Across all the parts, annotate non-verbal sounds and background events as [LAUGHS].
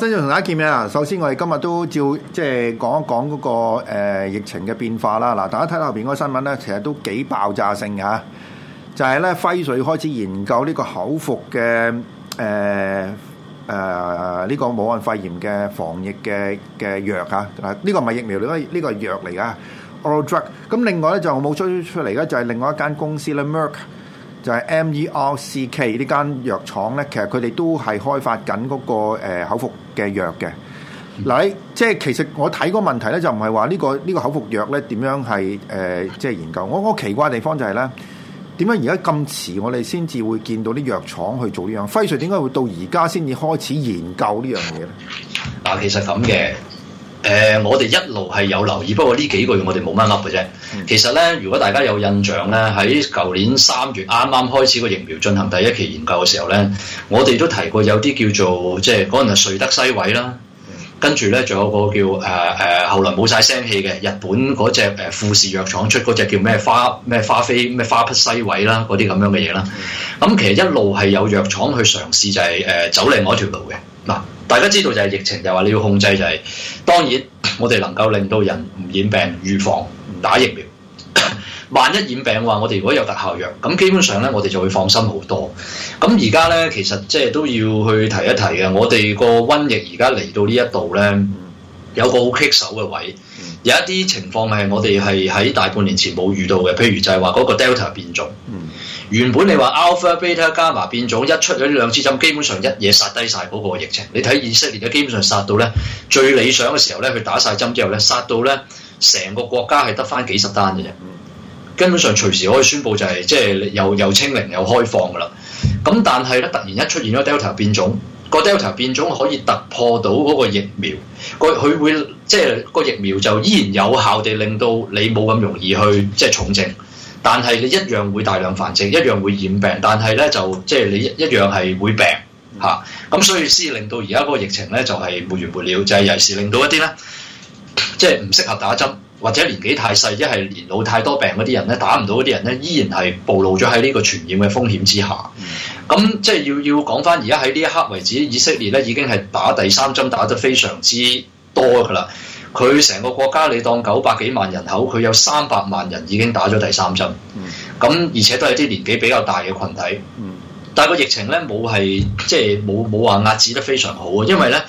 跟住同大家見面啊！首先我哋今日都照即係講一講嗰個誒疫情嘅變化啦。嗱，大家睇後邊嗰個新聞咧，其實都幾爆炸性㗎。就係咧，輝瑞開始研究呢個口服嘅誒誒呢個武漢肺炎嘅防疫嘅嘅藥啊。嗱，呢個唔係疫苗，呢個呢個係藥嚟噶。Oral drug。咁另外咧就冇追出嚟啦，就係另外一間公司咧，Merck。就係 MERCK 呢間藥廠咧，其實佢哋都係開發緊嗰個誒口服嘅藥嘅。嗱、呃、即係其實我睇個問題咧，就唔係話呢個呢個口服藥咧點樣係誒即係研究。我我奇怪地方就係、是、咧，點解而家咁遲我哋先至會見到啲藥廠去做呢樣？輝瑞點解會到而家先至開始研究呢樣嘢咧？嗱，其實咁嘅。誒、呃，我哋一路係有留意，不過呢幾個月我哋冇乜握嘅啫。其實咧，如果大家有印象咧，喺舊年三月啱啱開始個疫苗進行第一期研究嘅時候咧，我哋都提過有啲叫做即係嗰陣係瑞德西韋啦，跟住咧仲有個叫誒誒、呃，後來冇晒聲氣嘅日本嗰隻誒富士藥廠出嗰隻叫咩花咩花飛咩花匹西韋啦，嗰啲咁樣嘅嘢啦。咁其實一路係有藥廠去嘗試就係誒走另外一條路嘅嗱。大家知道就係疫情，就話、是、你要控制就係、是。當然，我哋能夠令到人唔染病、預防、唔打疫苗。 [COUGHS] 萬一染病嘅話，我哋如果有特效藥，咁基本上咧，我哋就會放心好多。咁而家咧，其實即係都要去提一提嘅。我哋個瘟疫而家嚟到呢一度咧，有個好棘手嘅位。有一啲情況係我哋係喺大半年前冇遇到嘅，譬如就係話嗰個 Delta 變種。原本你話 alpha、beta、Gamma 變種，一出咗呢兩支針，基本上一嘢殺低晒嗰個疫情。你睇以色列，基本上殺到咧最理想嘅時候咧，佢打晒針之後咧，殺到咧成個國家係得翻幾十單嘅啫。嗯，根本上隨時可以宣布就係、是、即係又又清零又開放噶啦。咁但係咧，突然一出現咗 Delta 變種，個 Delta 變種可以突破到嗰個疫苗，佢佢會即係個疫苗就依然有效地令到你冇咁容易去即係重症。但係你一樣會大量繁殖，一樣會染病，但係咧就即係你一樣係會病嚇。咁所以先令到而家個疫情咧就係沒完沒了，就係有時令到一啲咧，即係唔適合打針或者年紀太細，一係年老太多病嗰啲人咧，打唔到嗰啲人咧，依然係暴露咗喺呢個傳染嘅風險之下。咁即係要要講翻而家喺呢一刻為止，以色列咧已經係打第三針打得非常之多㗎喇。佢成個國家，你當九百幾萬人口，佢有三百萬人已經打咗第三針，咁而且都係啲年紀比較大嘅羣體，但係個疫情咧冇係即係冇冇話壓制得非常好啊，因為咧。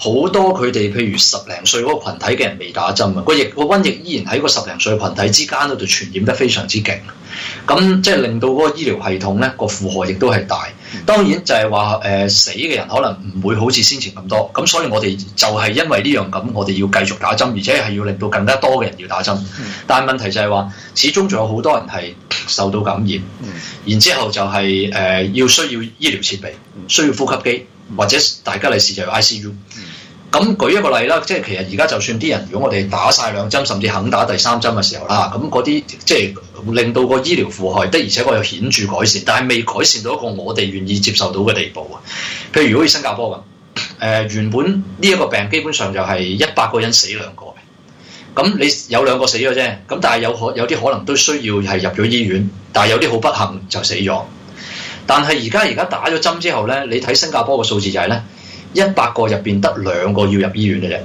好多佢哋，譬如十零歲嗰個羣體嘅人未打針啊，個疫個瘟疫依然喺個十零歲群體之間度傳染得非常之勁。咁即係令到嗰個醫療系統咧個負荷亦都係大。當然就係話誒死嘅人可能唔會好似先前咁多。咁所以我哋就係因為呢樣咁，我哋要繼續打針，而且係要令到更加多嘅人要打針。但係問題就係話，始終仲有好多人係受到感染，然之後就係誒要需要醫療設備，需要呼吸機。或者大吉利是就係 ICU。咁、嗯、舉一個例啦，即係其實而家就算啲人如果我哋打晒兩針，甚至肯打第三針嘅時候啦，咁嗰啲即係令到個醫療負荷的，而且確有顯著改善，但係未改善到一個我哋願意接受到嘅地步啊。譬如好似新加坡咁，誒、呃、原本呢一個病基本上就係一百個人死兩個，咁你有兩個死咗啫，咁但係有可有啲可能都需要係入咗醫院，但係有啲好不幸就死咗。但係而家而家打咗針之後咧，你睇新加坡嘅數字就係咧，一百個入邊得兩個要入醫院嘅人，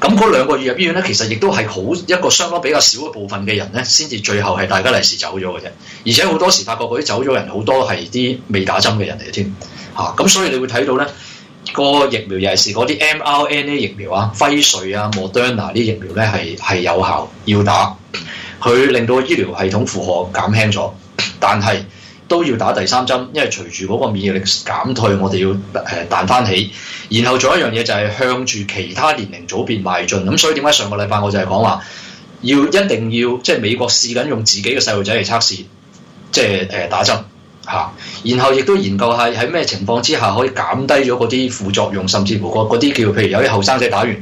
咁嗰兩個要入醫院咧，其實亦都係好一個相當比較少嘅部分嘅人咧，先至最後係大家嚟時走咗嘅啫。而且好多時發覺嗰啲走咗人好多係啲未打針嘅人嚟嘅添嚇，咁、啊、所以你會睇到咧，個疫苗又係試嗰啲 mRNA 疫苗啊、輝瑞啊、Moderna 啲疫苗咧係係有效，要打佢令到醫療系統負荷減輕咗，但係。都要打第三針，因為隨住嗰個免疫力減退，我哋要誒彈翻起。然後仲有一樣嘢就係向住其他年齡組別邁進。咁所以點解上個禮拜我就係講話，要一定要即係、就是、美國試緊用自己嘅細路仔嚟測試，即係誒打針。嚇，然後亦都研究係喺咩情況之下可以減低咗嗰啲副作用，甚至乎嗰啲叫譬如有啲後生仔打完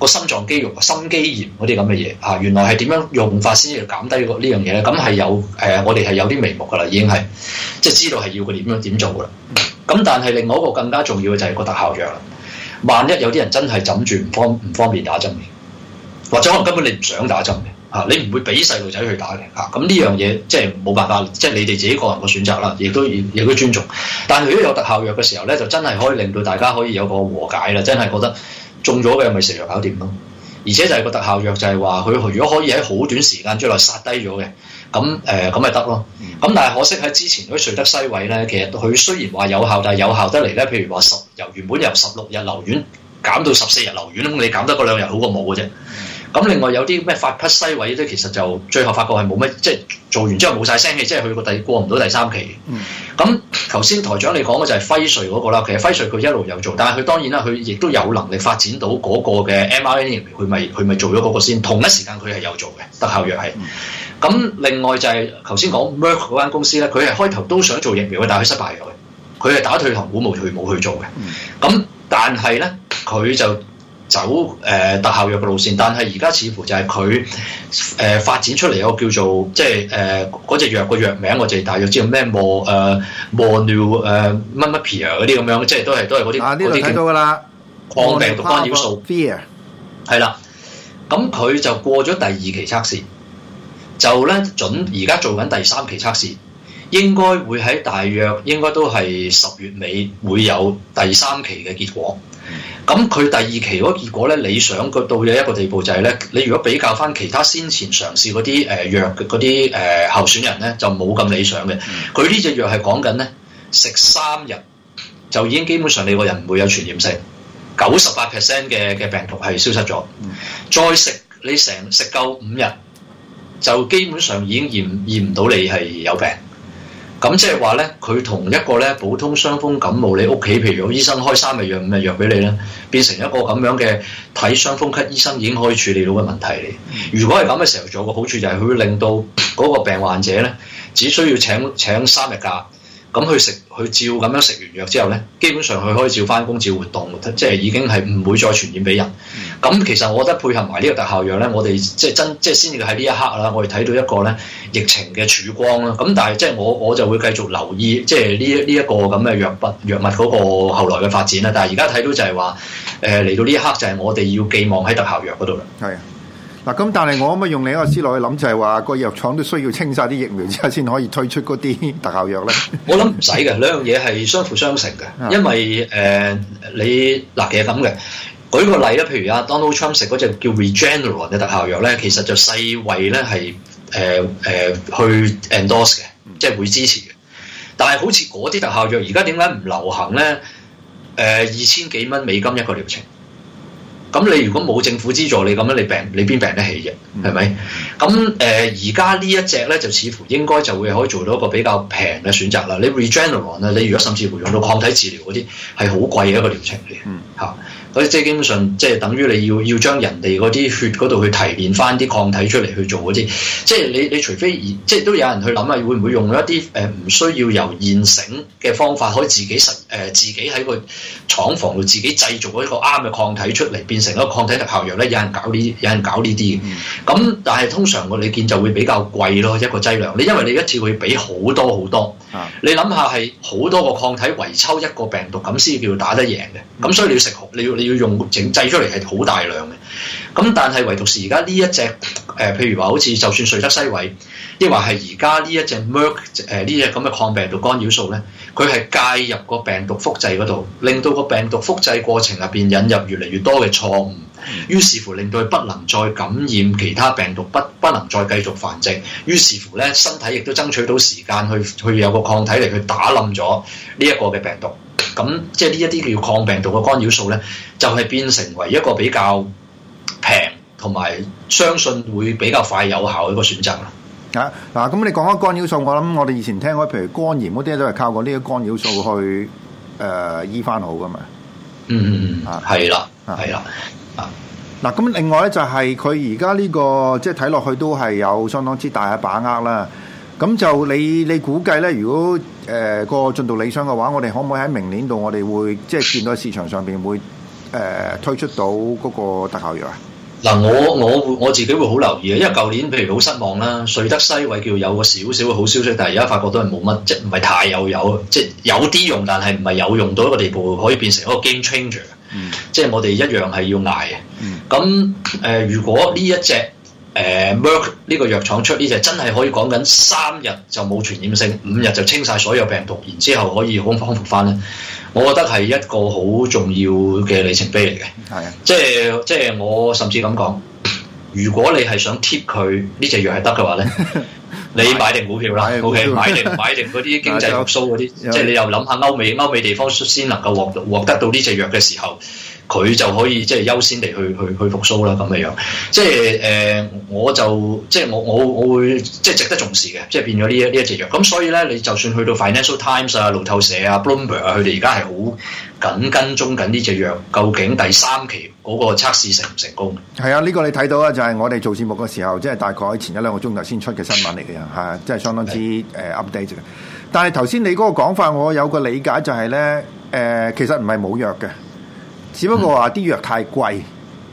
個心臟肌肉心肌炎嗰啲咁嘅嘢嚇，原來係點樣用法先至減低呢樣嘢咧？咁係有誒，我哋係有啲眉目噶啦，已經係即係知道係要佢點樣點做噶啦。咁但係另外一個更加重要嘅就係個特效藥啦。萬一有啲人真係枕住唔方唔方便打針或者可能根本你唔想打針。嚇！你唔會俾細路仔去打嘅嚇，咁呢樣嘢即係冇辦法，即係你哋自己個人嘅選擇啦，亦都亦都尊重。但係如果有特效藥嘅時候咧，就真係可以令到大家可以有個和解啦，真係覺得中咗嘅咪食藥搞掂咯。而且就係個特效藥就係話佢如果可以喺好短時間之內殺低咗嘅，咁誒咁咪得咯。咁、呃、但係可惜喺之前嗰啲瑞德西韋咧，其實佢雖然話有效，但係有效得嚟咧，譬如話十由原本由十六日留院減到十四日留院，咁你減得嗰兩日好過冇嘅啫。咁另外有啲咩法匹西位咧，其實就最後發覺係冇乜，即、就、係、是、做完之後冇晒聲氣，即係佢個第過唔到第三期。咁頭先台長你講嘅就係輝瑞嗰、那個啦，其實輝瑞佢一路有做，但係佢當然啦，佢亦都有能力發展到嗰個嘅 mRNA 疫苗，佢咪佢咪做咗嗰個先。同一時間佢係有做嘅，特效藥係。咁、嗯嗯、另外就係頭先講默克嗰間公司咧，佢係開頭都想做疫苗嘅，但係佢失敗咗嘅，佢係打退堂鼓冇佢冇去做嘅。咁但係咧，佢就走誒特效藥嘅路線，但係而家似乎就係佢誒發展出嚟一個叫做即係誒嗰隻藥個藥名，我哋大約知道咩莫誒莫尿誒乜乜皮啊嗰啲咁樣，即係都係都係嗰啲啊，呢度睇到㗎啦，抗病毒干擾素。Fear 係、啊啊、啦，咁、嗯、佢就過咗第二期測試，就咧準而家做緊第三期測試。應該會喺大約應該都係十月尾會有第三期嘅結果。咁佢第二期嗰個結果咧，理想到有一個地步就係、是、咧，你如果比較返其他先前嘗試嗰啲誒藥嘅嗰啲誒候選人咧，就冇咁理想嘅。佢呢隻藥係講緊咧，食三日就已經基本上你個人唔會有傳染性，九十八 percent 嘅嘅病毒係消失咗。再食你成食夠五日，就基本上已經驗驗唔到你係有病。咁即係話呢，佢同一個呢普通傷風感冒，你屋企譬如有醫生開三日藥五日藥俾你呢，變成一個咁樣嘅睇傷風咳醫生已經可以處理到嘅問題嚟。如果係咁嘅時候做，個好處就係佢會令到嗰個病患者呢，只需要請請三日假。咁佢食佢照咁樣食完藥之後咧，基本上佢可以照翻工、照活動，即係已經係唔會再傳染俾人。咁、嗯、其實我覺得配合埋呢個特效藥咧，我哋即係真即係先至喺呢一刻啦，我哋睇到一個咧疫情嘅曙光啦。咁但係即係我我就會繼續留意，即係呢呢一個咁嘅藥物藥物嗰個後來嘅發展啦。但係而家睇到就係話，誒、呃、嚟到呢一刻就係我哋要寄望喺特效藥嗰度啦。係。嗱，咁但係我可唔可以用另一個思路去諗，就係話個藥廠都需要清晒啲疫苗之後，先可以推出嗰啲特效藥咧。我諗唔使嘅， [LAUGHS] 兩樣嘢係相輔相成嘅，因為誒、呃，你嗱嘢咁嘅，舉個例啦，譬如阿 Donald Trump 食嗰隻叫 Regeneron 嘅特效藥咧，其實就世衛咧係誒誒去 endorse 嘅，即係會支持嘅。但係好似嗰啲特效藥而家點解唔流行咧？誒、呃，二千幾蚊美金一個療程。咁你如果冇政府資助，你咁樣你病你邊病得起嘅？係咪？咁誒而家呢一隻咧，就似乎應該就會可以做到一個比較平嘅選擇啦。你 Regeneron 咧，你如果甚至乎用到抗體治療嗰啲，係好貴嘅一個療程嚟嘅嚇。即係基本上，即係等於你要要將人哋嗰啲血嗰度去提煉翻啲抗體出嚟去做嗰啲，即係你你除非，即係都有人去諗啊，會唔會用一啲誒唔需要由現成嘅方法，可以自己實誒、呃、自己喺個廠房度自己製造一個啱嘅抗體出嚟，變成一個抗體特效藥咧？有人搞呢，有人搞呢啲嘅。咁但係通常我你見就會比較貴咯，一個劑量。你因為你一次會俾好多好多。你諗下係好多個抗體圍抽一個病毒，咁先叫打得贏嘅。咁所以你要食，你要你要用整製出嚟係好大量嘅。咁但係唯獨是而家呢一隻誒，譬如話好似就算瑞德西韋，亦或係而家呢一隻 Merck 誒呢隻咁嘅抗病毒干擾素咧。佢係介入個病毒複製嗰度，令到個病毒複製過程入邊引入越嚟越多嘅錯誤，於是乎令到佢不能再感染其他病毒，不不能再繼續繁殖。於是乎咧，身體亦都爭取到時間去去有個抗體嚟去打冧咗呢一個嘅病毒。咁即係呢一啲叫抗病毒嘅干擾素咧，就係變成為一個比較平同埋相信會比較快有效嘅一個選擇啦。啊嗱，咁你講緊干擾素，我諗我哋以前聽開，譬如肝炎嗰啲都係靠過呢個干擾素去誒醫翻好噶嘛。嗯嗯嗯，啊，係啦，係啦，啊，嗱，咁另外咧就係佢而家呢個即係睇落去都係有相當之大嘅把握啦。咁就你你估計咧，如果誒個進度理想嘅話，我哋可唔可以喺明年度我哋會即係見到市場上邊會誒推出到嗰個特效藥啊？嗱，我我會我自己會好留意嘅，因為舊年譬如好失望啦，瑞德西韋叫有個少少嘅好消息，但係而家發覺都係冇乜，即唔係太有有，即係有啲用，但係唔係有用到一個地步可以變成一個 game changer，嗯。即係我哋一樣係要捱嘅。咁誒，嗯，呃，如果呢一隻，誒，默克呢個藥廠出呢隻真係可以講緊三日就冇傳染性，五日就清晒所有病毒，然之後可以好康復翻咧。我覺得係一個好重要嘅里程碑嚟嘅。係啊的，即係即係我甚至咁講，如果你係想貼佢呢隻藥係得嘅話咧，你買定股票啦，O K，買定 [LAUGHS] 買定嗰啲經濟復甦嗰啲， [LAUGHS] 有即係你又諗下歐美歐美地方先能夠獲獲得到呢隻藥嘅時候。佢就可以即係優先地去去去復甦啦咁嘅樣，即係誒、呃、我就即係我我我會即係值得重視嘅，即係變咗呢一呢一隻藥。咁所以咧，你就算去到 Financial Times 啊、路透社啊、Bloomberg 啊，佢哋而家係好緊跟蹤緊呢隻藥，究竟第三期嗰個測試成唔成功？係啊，呢個你睇到啊，就係我哋做節目嘅時候，即係大概前一兩個鐘頭先出嘅新聞嚟嘅嚇，即係相當之誒 update 嘅。但係頭先你嗰個講法，我有個理解就係咧誒，其實唔係冇藥嘅。只不過話啲、嗯、藥太貴，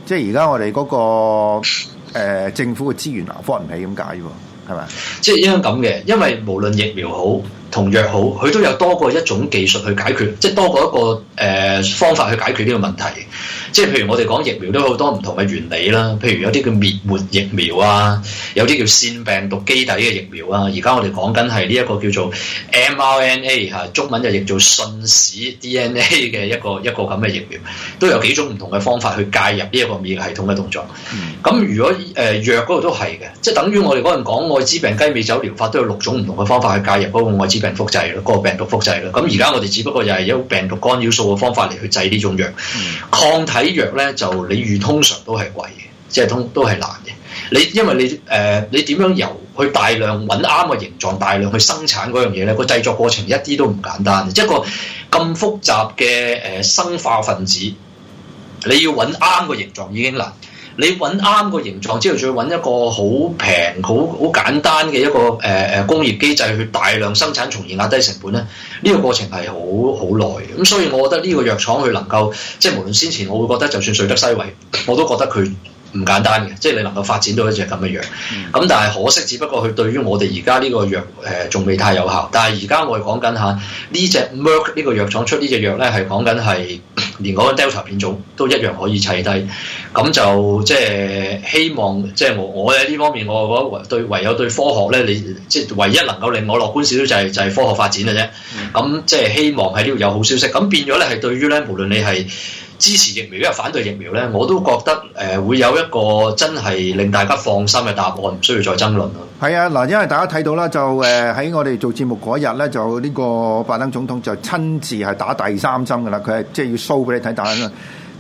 即係而家我哋嗰、那個、呃、政府嘅資源拿翻唔起咁解喎，係咪？即係應該咁嘅，因為無論疫苗好，同藥好，佢都有多過一種技術去解決，即係多過一個誒、呃、方法去解決呢個問題。即係譬如我哋講疫苗都有好多唔同嘅原理啦，譬如有啲叫滅活疫苗啊，有啲叫腺病毒基底嘅疫苗啊。而家我哋講緊係呢一個叫做 mRNA 嚇，中文就譯做信使 DNA 嘅一個一個咁嘅疫苗，都有幾種唔同嘅方法去介入呢一個免疫系統嘅動作。咁、嗯、如果誒、呃、藥嗰度都係嘅，即係等於我哋嗰陣講愛滋病雞尾酒療法都有六種唔同嘅方法去介入嗰個愛滋病。病毒複製咯，個病毒複製咯。咁而家我哋只不過就係有病毒干擾素嘅方法嚟去製呢種藥。嗯、抗體藥呢，就你預通常都係貴嘅，即係通都係難嘅。你因為你誒、呃、你點樣由去大量揾啱個形狀，大量去生產嗰樣嘢呢？個製作過程一啲都唔簡單。一個咁複雜嘅誒生化分子，你要揾啱個形狀已經難。你揾啱個形狀之後，再揾一個好平、好好簡單嘅一個誒誒、呃、工業機制去大量生產，從而壓低成本咧。呢、這個過程係好好耐咁，所以我覺得呢個藥廠佢能夠即係無論先前，我會覺得就算瑞德西維，我都覺得佢唔簡單嘅，即係你能夠發展到一隻咁嘅藥。咁、嗯、但係可惜，只不過佢對於我哋而家呢個藥誒仲、呃、未太有效。但係而家我哋講緊嚇呢隻 Merck 呢個藥廠出呢隻藥呢，係講緊係。連嗰個 Delta 變種都一樣可以砌低，咁就即係希望，即係我我喺呢方面，我覺得唯對唯有對科學咧，你即係唯一能夠令我樂觀少少就係就係科學發展嘅啫。咁即係希望喺呢度有好消息。咁變咗咧，係對於咧，無論你係支持疫苗抑或反對疫苗咧，我都覺得誒會有一個真係令大家放心嘅答案，唔需要再爭論。係啊，嗱，因為大家睇到啦，就誒喺我哋做節目嗰日咧，就呢個拜登總統就親自係打第三針㗎啦，佢係即係要 show 俾你睇打啦。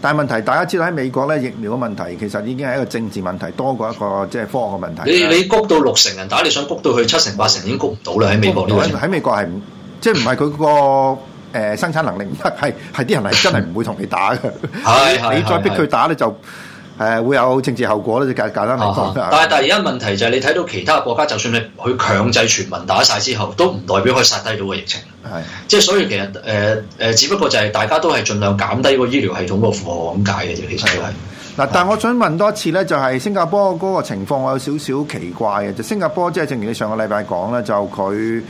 但係問題，大家知道喺美國咧，疫苗嘅問題其實已經係一個政治問題多過一個即係科學嘅問題。你你谷到六成人打，你想谷到去七成八成，已經谷唔到啦。喺美國呢樣喺美國係唔即係唔係佢個誒生產能力唔得，係係啲人係真係唔會同你打嘅。係你再逼佢打咧就。係會有政治後果咧，就簡簡單嚟講，啊。 [LAUGHS] 但係，但係而家問題就係你睇到其他國家，就算你去強制全民打晒之後，都唔代表可以殺低到個疫情。係的即係所以其實誒誒、呃，只不過就係大家都係盡量減低個醫療系統個負荷咁解嘅。其實都係嗱，但係我想問多一次咧，就係新加坡嗰個情況，我有少少奇怪嘅。就係、新加坡即係正如你上個禮拜講咧，就佢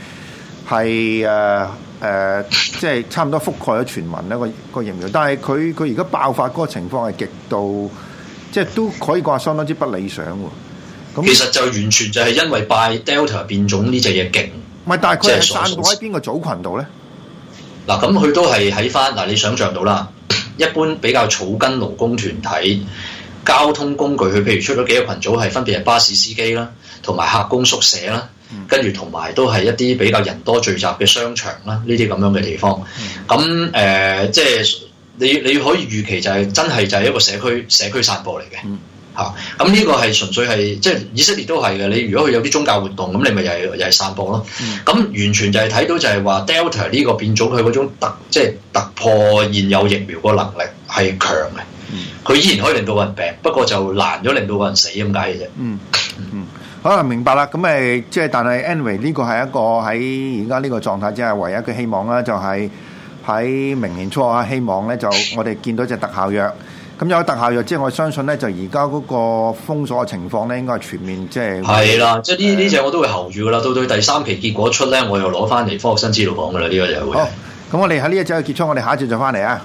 係誒誒，即、呃、係、呃就係、差唔多覆蓋咗全民咧個個疫苗，但係佢佢而家爆發嗰個情況係極度。即係都可以講話相當之不理想喎。其實就完全就係因為拜 Delta 變種呢隻嘢勁。唔係，但係佢係散開邊個組群度咧？嗱、嗯，咁佢、嗯、都係喺翻嗱，你想象到啦。一般比較草根勞工團體、交通工具，佢譬如出咗幾個群組，係分別係巴士司機啦，同埋客工宿舍啦，跟住同埋都係一啲比較人多聚集嘅商場啦，呢啲咁樣嘅地方。咁誒，即係。你你可以預期就係、是、真係就係一個社區社區散佈嚟嘅嚇，咁呢、嗯啊這個係純粹係即係以色列都係嘅。你如果佢有啲宗教活動，咁你咪又係又係散佈咯。咁、嗯、完全就係睇到就係話 Delta 呢個變種佢嗰種突即係突破現有疫苗個能力係強嘅，佢依然可以令到個人病，不過就難咗令到個人死咁解嘅啫。嗯嗯，好啊，明白啦。咁咪即係但係 anyway 呢個係一個喺而家呢個狀態之下唯一嘅希望啦，就係、是。喺明年初啊，希望咧就我哋見到隻特效藥。咁、嗯、有特效藥，即係我相信咧，就而家嗰個封鎖嘅情況咧，應該係全面即係。係、就、啦、是，即係呢呢隻我都會候住噶啦，到到第三期結果出咧，我又攞翻嚟科學新資料講噶啦，呢、呢個就係。好，咁我哋喺呢一隻嘅結束，我哋下一節再翻嚟啊。